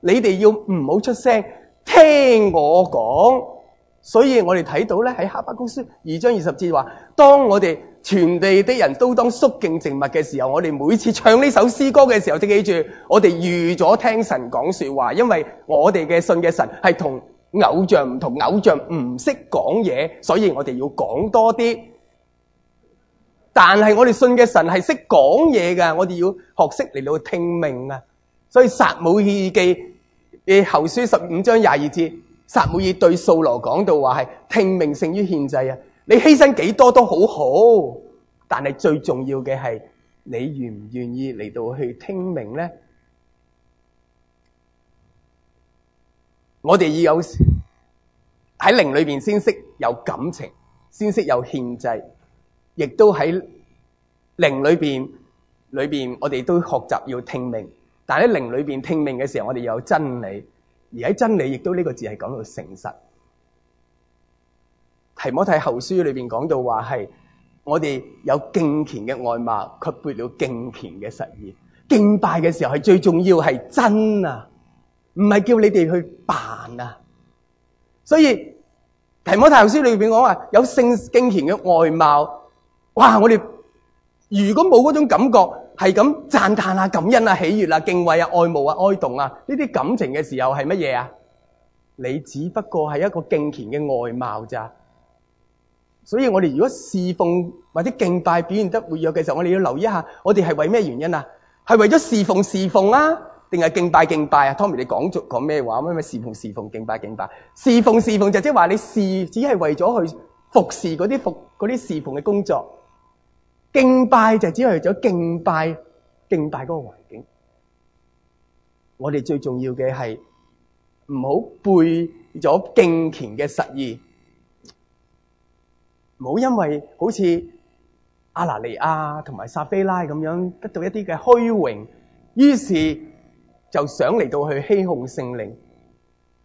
你哋要唔好出聲，聽我講。所以我哋睇到咧喺《哈巴谷書》二章二十節話：當我哋全地的人都當肅敬靜默嘅時候，我哋每次唱呢首詩歌嘅時候，就記住我哋預咗聽神講說話。因為我哋嘅信嘅神係同偶像唔同，偶像唔識講嘢，所以我哋要講多啲。但係我哋信嘅神係識講嘢噶，我哋要學識嚟到聽命啊！所以撒母耳記嘅後書十五章廿二節，撒母耳對掃羅講到話係聽命勝於獻祭啊！你犧牲幾多都好好，但係最重要嘅係你願唔願意嚟到去聽命咧？我哋要有喺靈裏邊先識有感情，先識有獻祭，亦都喺靈裏邊裏邊，我哋都學習要聽命。但喺靈裏邊聽命嘅時候，我哋有真理；而喺真理，亦都呢個字係講到誠實。提摩太後書裏邊講到話係，我哋有敬虔嘅外貌，卻背了敬虔嘅實意。敬拜嘅時候係最重要係真啊，唔係叫你哋去扮啊。所以提摩太後書裏邊講話有性敬虔嘅外貌，哇！我哋如果冇嗰種感覺。係咁讚嘆啊、感恩啊、喜悅啊、敬畏啊、愛慕啊、哀動啊，呢啲感情嘅時候係乜嘢啊？你只不過係一個敬虔嘅外貌咋。所以我哋如果侍奉或者敬拜表現得活躍嘅時候，我哋要留意一下，我哋係為咩原因啊？係為咗侍奉侍奉啊，定係敬拜敬拜啊？Tommy 你講咗講咩話？咩侍奉侍奉、敬拜敬拜、侍奉侍奉，就即係話你侍只係為咗去服侍嗰啲服嗰啲侍奉嘅工作。敬拜就只係咗敬拜敬拜嗰個環境，我哋最重要嘅係唔好背咗敬虔嘅實意，唔好因為好似阿拿利亞同埋撒非拉咁樣得到一啲嘅虛榮，於是就想嚟到去欺哄聖靈。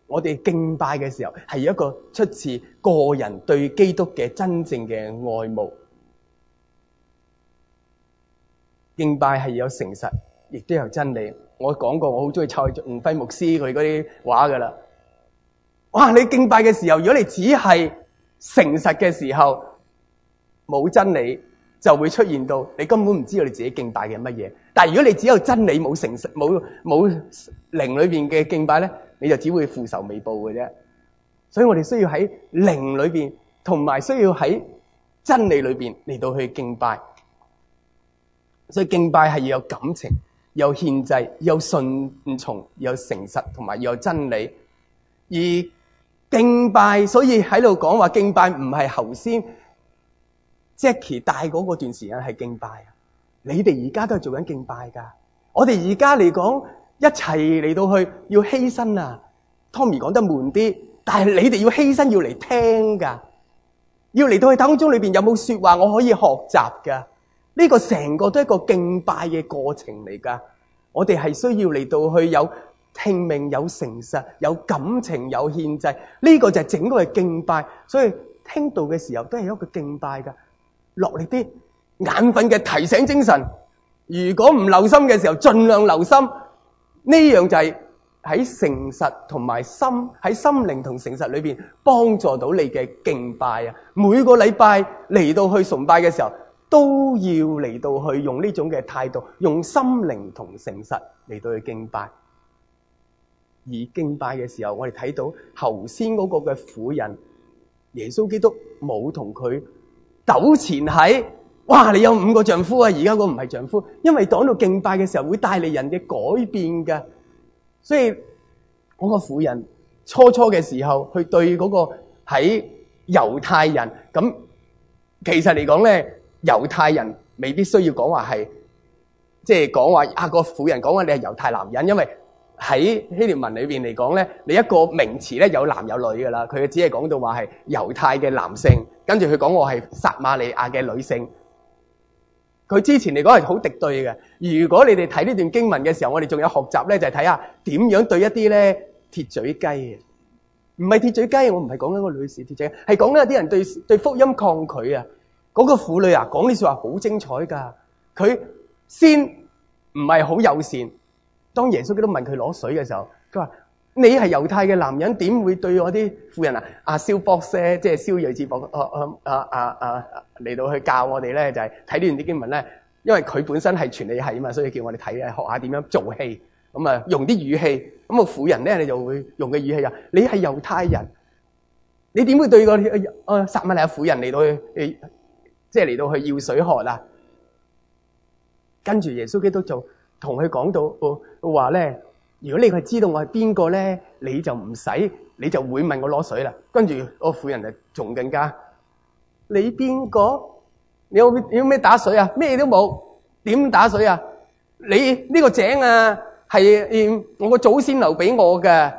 我哋敬拜嘅時候係一個出自個人對基督嘅真正嘅愛慕。敬拜係有誠實，亦都有真理。我講過，我好中意蔡吳輝牧師佢嗰啲話噶啦。哇！你敬拜嘅時候，如果你只係誠實嘅時候，冇真理就會出現到，你根本唔知道你自己敬拜嘅乜嘢。但係如果你只有真理冇誠實，冇冇靈裏邊嘅敬拜咧，你就只會父仇未報嘅啫。所以我哋需要喺靈裏邊，同埋需要喺真理裏邊嚟到去敬拜。所以敬拜係要有感情，要有獻祭，要有順從，要有誠實，同埋要有真理。而敬拜，所以喺度講話敬拜唔係頭先。Jackie 大嗰段時間係敬拜啊！你哋而家都係做緊敬拜㗎。我哋而家嚟講一齊嚟到去要犧牲啊。Tommy 講得悶啲，但係你哋要犧牲要嚟聽㗎，要嚟到去當中裏面，有冇說話我可以學習㗎。呢個成個都係一個敬拜嘅過程嚟噶，我哋係需要嚟到去有聽命、有誠實、有感情、有獻祭，呢個就係整個嘅敬拜。所以聽到嘅時候都係一個敬拜噶，落力啲眼瞓嘅提醒精神。如果唔留心嘅時候，盡量留心。呢樣就係喺誠實同埋心喺心靈同誠實裏邊幫助到你嘅敬拜啊！每個禮拜嚟到去崇拜嘅時候。都要嚟到去用呢種嘅態度，用心靈同誠實嚟到去敬拜。而敬拜嘅時候，我哋睇到頭先嗰個嘅婦人，耶穌基督冇同佢糾纏喺。哇！你有五個丈夫啊，而家嗰個唔係丈夫，因為講到敬拜嘅時候會帶嚟人嘅改變噶。所以嗰個婦人初初嘅時候，去對嗰個喺猶太人，咁其實嚟講咧。猶太人未必需要講話係，即係講話啊，個婦人講話你係猶太男人，因為喺希臘文裏邊嚟講咧，你一個名詞咧有男有女噶啦，佢只係講到話係猶太嘅男性，跟住佢講我係撒瑪利亞嘅女性。佢之前嚟講係好敵對嘅。如果你哋睇呢段經文嘅時候，我哋仲有學習咧，就係睇下點樣對一啲咧鐵嘴雞，唔係鐵嘴雞，我唔係講緊個女士鐵嘴雞，係講緊有啲人對對福音抗拒啊。嗰個婦女啊，講呢說話好精彩㗎！佢先唔係好友善。當耶穌基督問佢攞水嘅時候，佢話：你係猶太嘅男人，點會對我啲婦人啊？阿、啊、肖博士，即係肖瑞智。」博，啊啊啊嚟、啊啊、到去教我哋咧，就係睇呢段啲經文咧。因為佢本身係傳理系啊嘛，所以叫我哋睇啊，學下點樣做戲。咁啊，用啲語氣。咁啊，婦人咧，你就會用嘅語氣啊。你係猶太人，你點會對個啊撒瑪利亞婦人嚟到去？即係嚟到去要水喝啦，跟住耶穌基督就同佢講到話咧：如果你係知道我係邊個咧，你就唔使，你就會問我攞水啦。跟住我婦人就仲更加，你邊個？你有你有咩打水啊？咩都冇，點打水啊？你呢個井啊係我個祖先留俾我嘅，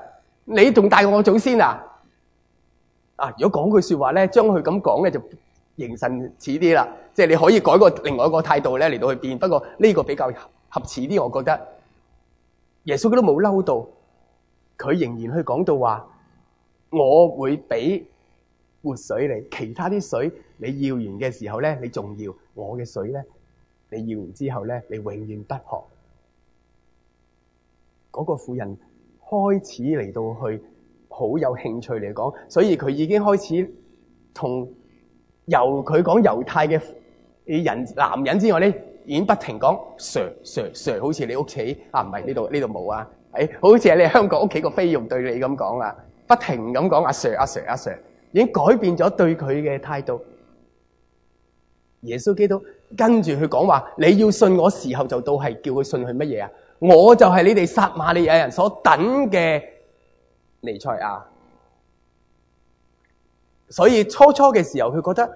你仲大過我個祖先啊？啊！如果講句説話咧，將佢咁講咧就。形神似啲啦，即係你可以改個另外一個態度咧嚟到去變，不過呢個比較合似啲，我覺得耶穌佢都冇嬲到，佢仍然去講到話我會俾活水你，其他啲水你要完嘅時候咧，你仲要我嘅水咧，你要完之後咧，你永遠不渴。嗰個婦人開始嚟到去好有興趣嚟講，所以佢已經開始同。由佢講猶太嘅人男人之外咧，已經不停講 Sir Sir Sir，好似你屋企啊，唔係呢度呢度冇啊，係好似係你香港屋企個菲傭對你咁講啊，不停咁講阿 Sir 阿 Sir 阿 Sir，Sir 已經改變咗對佢嘅態度。耶穌基督跟住佢講話，你要信我時候就到，係叫佢信佢乜嘢啊？我就係你哋撒馬利亞人所等嘅尼賽亞。所以初初嘅時候，佢覺得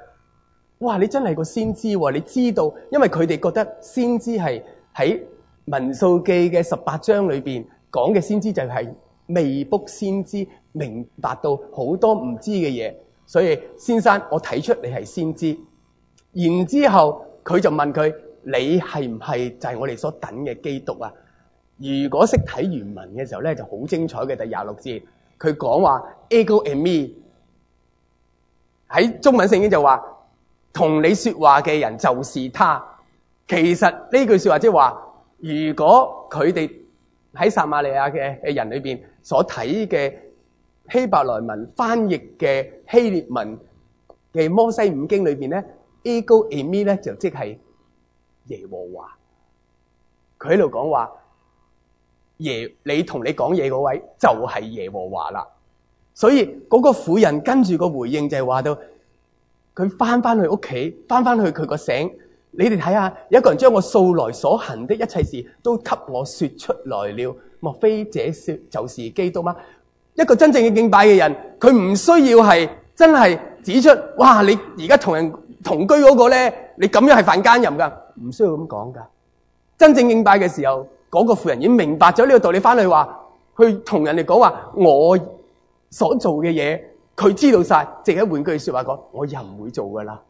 哇，你真係個先知喎！你知道，因為佢哋覺得先知係喺《民數記》嘅十八章裏面講嘅先知就係未卜先知，明白到好多唔知嘅嘢。所以先生，我睇出你係先知。然之後佢就問佢：你係唔係就係我哋所等嘅基督啊？如果識睇原文嘅時候咧，就好精彩嘅。第廿六節佢講話：Ego and me。喺中文聖經就話，同你說話嘅人就是他。其實呢句說話即係話，如果佢哋喺撒馬利亞嘅嘅人裏面所睇嘅希伯來文翻譯嘅希列文嘅摩西五經裏面咧，ego eimi 咧就即係耶和華。佢喺度講話，耶，你同你講嘢嗰位就係耶和華啦。所以嗰、那個婦人跟住個回應就係話到，佢翻翻去屋企，翻翻去佢個城。你哋睇下，有個人將我素來所行的一切事都給我說出來了。莫非這說就是基督嗎？一個真正嘅敬拜嘅人，佢唔需要係真係指出，哇！你而家同人同居嗰個呢？你咁樣係犯奸淫噶，唔需要咁講噶。真正敬拜嘅時候，嗰、那個婦人已經明白咗呢個道理，翻去話，佢同人哋講話我所做嘅嘢，佢知道晒，淨係換句説話講，我又唔會做噶啦。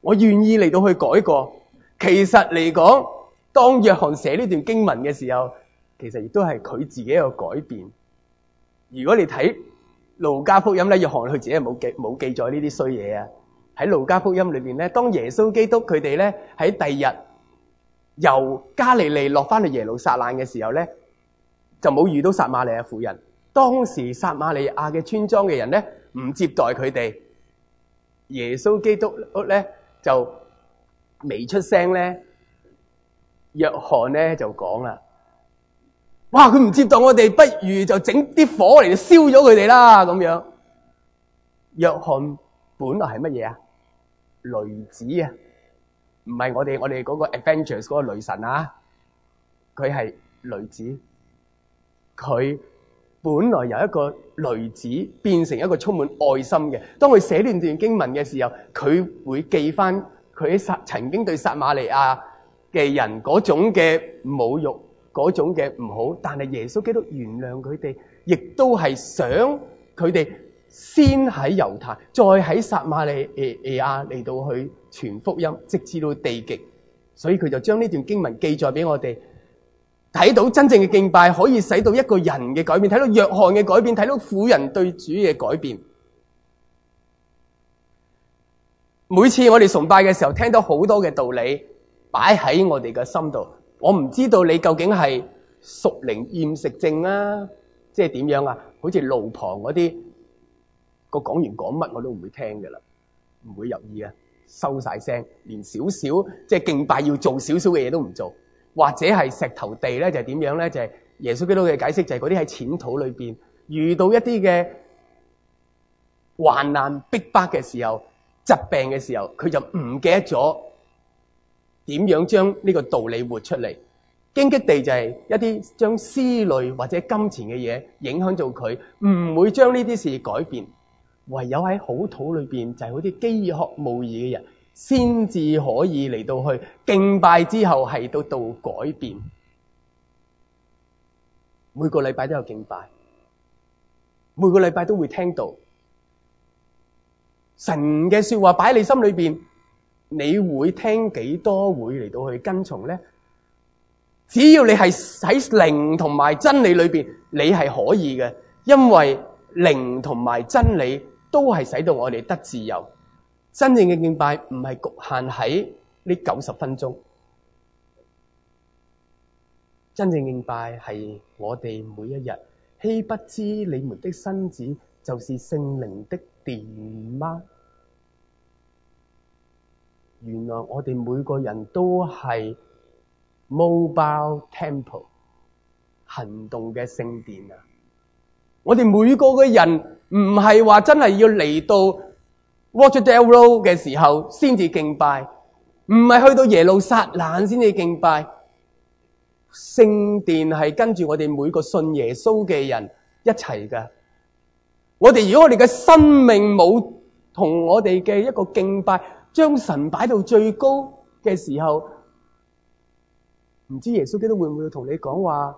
我願意嚟到去改過。其實嚟講，當約翰寫呢段經文嘅時候，其實亦都係佢自己一個改變。如果你睇路加福音咧，約翰佢自己係冇記冇記載呢啲衰嘢啊。喺路加福音裏邊咧，當耶穌基督佢哋咧喺第日由加利利落翻去耶路撒冷嘅時候咧，就冇遇到撒瑪利亞婦人。當時撒瑪利亞嘅村莊嘅人咧，唔接待佢哋，耶穌基督咧就未出聲咧。約翰咧就講啦：哇！佢唔接待我哋，不如就整啲火嚟燒咗佢哋啦！咁樣，約翰本來係乜嘢啊？雷子啊，唔係我哋我哋嗰個 Avengers 嗰個雷神啊，佢係雷子，佢。本來由一個雷子變成一個充滿愛心嘅。當佢寫呢段經文嘅時候，佢會記翻佢曾經對撒瑪利亞嘅人嗰種嘅侮辱，嗰種嘅唔好。但係耶穌基督原諒佢哋，亦都係想佢哋先喺猶太，再喺撒瑪利亞嚟到去傳福音，直至到地極。所以佢就將呢段經文記載俾我哋。睇到真正嘅敬拜可以使到一個人嘅改變，睇到約翰嘅改變，睇到富人對主嘅改變。每次我哋崇拜嘅時候，聽到好多嘅道理擺喺我哋嘅心度。我唔知道你究竟係屬靈厭食症啊，即係點樣啊？好似路旁嗰啲個講完講乜我都唔會聽噶啦，唔會入耳啊，收晒聲，連少少即係敬拜要做少少嘅嘢都唔做。或者係石頭地咧，就係點樣咧？就係耶穌基督嘅解釋，就係嗰啲喺淺土裏邊遇到一啲嘅患難逼迫嘅時候，疾病嘅時候，佢就唔記得咗點樣將呢個道理活出嚟。荊棘地就係一啲將思慮或者金錢嘅嘢影響到佢，唔會將呢啲事改變。唯有喺好土裏邊，就係嗰啲飢渴慕義嘅人。先至可以嚟到去敬拜之後，係到改變。每個禮拜都有敬拜，每個禮拜都會聽到神嘅說話擺你心裏面，你會聽幾多？會嚟到去跟從咧？只要你係喺靈同埋真理裏面，你係可以嘅，因為靈同埋真理都係使到我哋得自由。真正嘅敬拜唔係局限喺呢九十分鐘，真正敬拜係我哋每一日。豈不知你們的身子就是聖靈的殿嗎？原來我哋每個人都係 Mobile Temple 行動嘅聖殿啊！我哋每個嘅人唔係話真係要嚟到。Watch the road 嘅時候先至敬拜，唔係去到耶路撒冷先至敬拜。聖殿係跟住我哋每個信耶穌嘅人一齊嘅。我哋如果我哋嘅生命冇同我哋嘅一個敬拜，將神擺到最高嘅時候，唔知耶穌基督會唔會同你講話？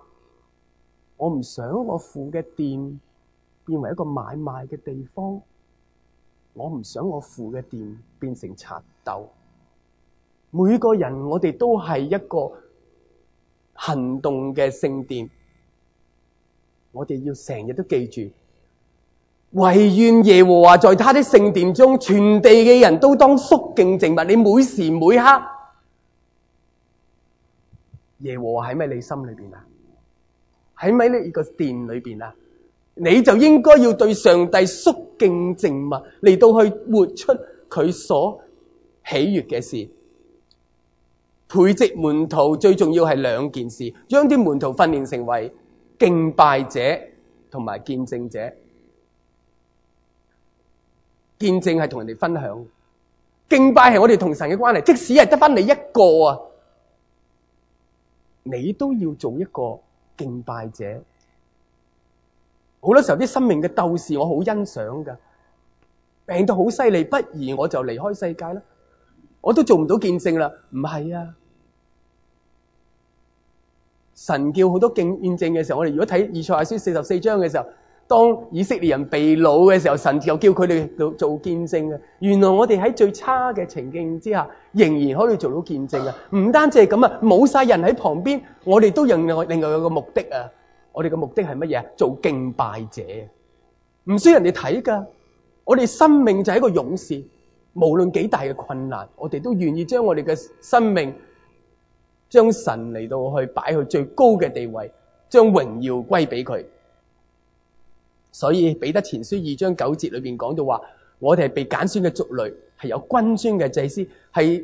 我唔想我父嘅殿變為一個買賣嘅地方。我唔想我父嘅殿變成賊竇。每個人我哋都係一個行動嘅聖殿，我哋要成日都記住，唯願耶和華在他的聖殿中，全地嘅人都當肅敬靜物。你每時每刻，耶和華係咪你心裏邊啊？係咪呢個殿裏邊啊？你就應該要對上帝肅敬正物，嚟到去活出佢所喜悅嘅事。培植門徒最重要係兩件事，將啲門徒訓練成為敬拜者同埋見證者。見證係同人哋分享，敬拜係我哋同神嘅關係。即使係得翻你一個啊，你都要做一個敬拜者。好多時候啲生命嘅鬥士，我好欣賞噶。病到好犀利，不如我就離開世界啦。我都做唔到見證啦。唔係啊，神叫好多見證嘅時候，我哋如果睇《以賽亞書》四十四章嘅時候，當以色列人被擄嘅時候，神又叫佢哋做做見證嘅。原來我哋喺最差嘅情境之下，仍然可以做到見證嘅。唔單止係咁啊，冇晒人喺旁邊，我哋都另外另外有個目的啊。我哋嘅目的係乜嘢？做敬拜者，唔需要人哋睇噶。我哋生命就係一個勇士，無論幾大嘅困難，我哋都願意將我哋嘅生命，將神嚟到去擺去最高嘅地位，將榮耀歸俾佢。所以彼得前書二章九節裏邊講到話，我哋係被揀選嘅族類，係有君尊嘅祭司，係。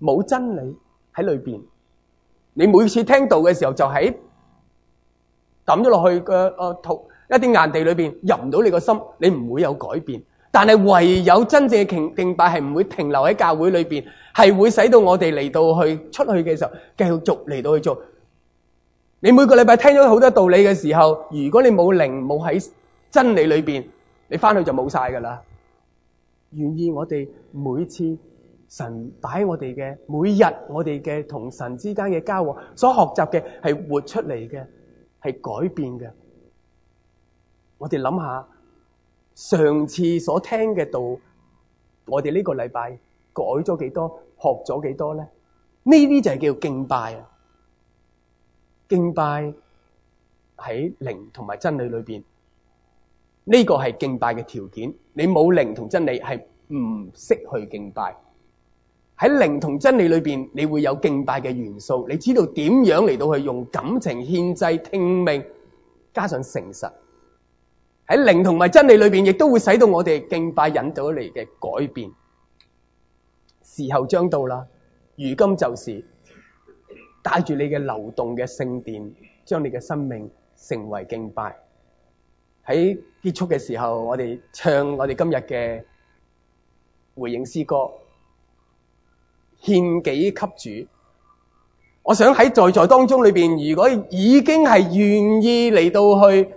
冇真理喺裏邊，你每次聽到嘅時候就喺抌咗落去嘅誒土一啲硬地裏邊，入唔到你個心，你唔會有改變。但係唯有真正嘅敬敬拜係唔會停留喺教會裏邊，係會使到我哋嚟到去出去嘅時候，繼續嚟到去做。你每個禮拜聽咗好多道理嘅時候，如果你冇靈冇喺真理裏邊，你翻去就冇晒噶啦。願意我哋每次，神擺我哋嘅，每日我哋嘅同神之間嘅交往所學習嘅係活出嚟嘅係改變嘅。我哋諗下上次所聽嘅道，我哋呢個禮拜改咗幾多，學咗幾多咧？呢啲就係叫敬拜啊！敬拜喺靈同埋真理裏面，呢個係敬拜嘅條件。你冇靈同真理係唔識去敬拜。喺靈同真理裏邊，你會有敬拜嘅元素。你知道點樣嚟到去用感情獻祭、聽命，加上誠實。喺靈同埋真理裏邊，亦都會使到我哋敬拜引到嚟嘅改變。時候將到啦，如今就是帶住你嘅流動嘅聖殿，將你嘅生命成為敬拜。喺結束嘅時候，我哋唱我哋今日嘅回應詩歌。獻己給主，我想喺在座當中裏邊，如果已經係願意嚟到去，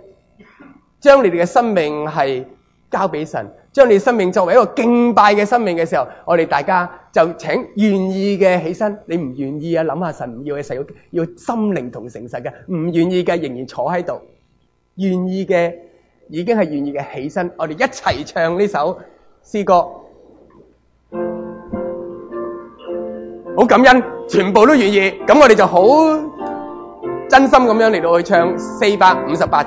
將你哋嘅生命係交俾神，將你哋生命作為一個敬拜嘅生命嘅時候，我哋大家就請願意嘅起身，你唔願意啊，諗下神唔要嘅時候要心靈同誠實嘅，唔願意嘅仍然坐喺度，願意嘅已經係願意嘅起身，我哋一齊唱呢首詩歌。好感恩，全部都願意，咁我哋就好真心咁樣嚟到去唱458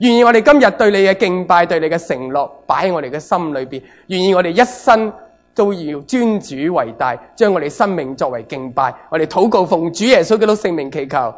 願意我哋今日對你嘅敬拜，對你嘅承諾擺喺我哋嘅心裏邊。願意我哋一生都要尊主為大，將我哋生命作為敬拜。我哋禱告奉主耶穌基督聖名祈求。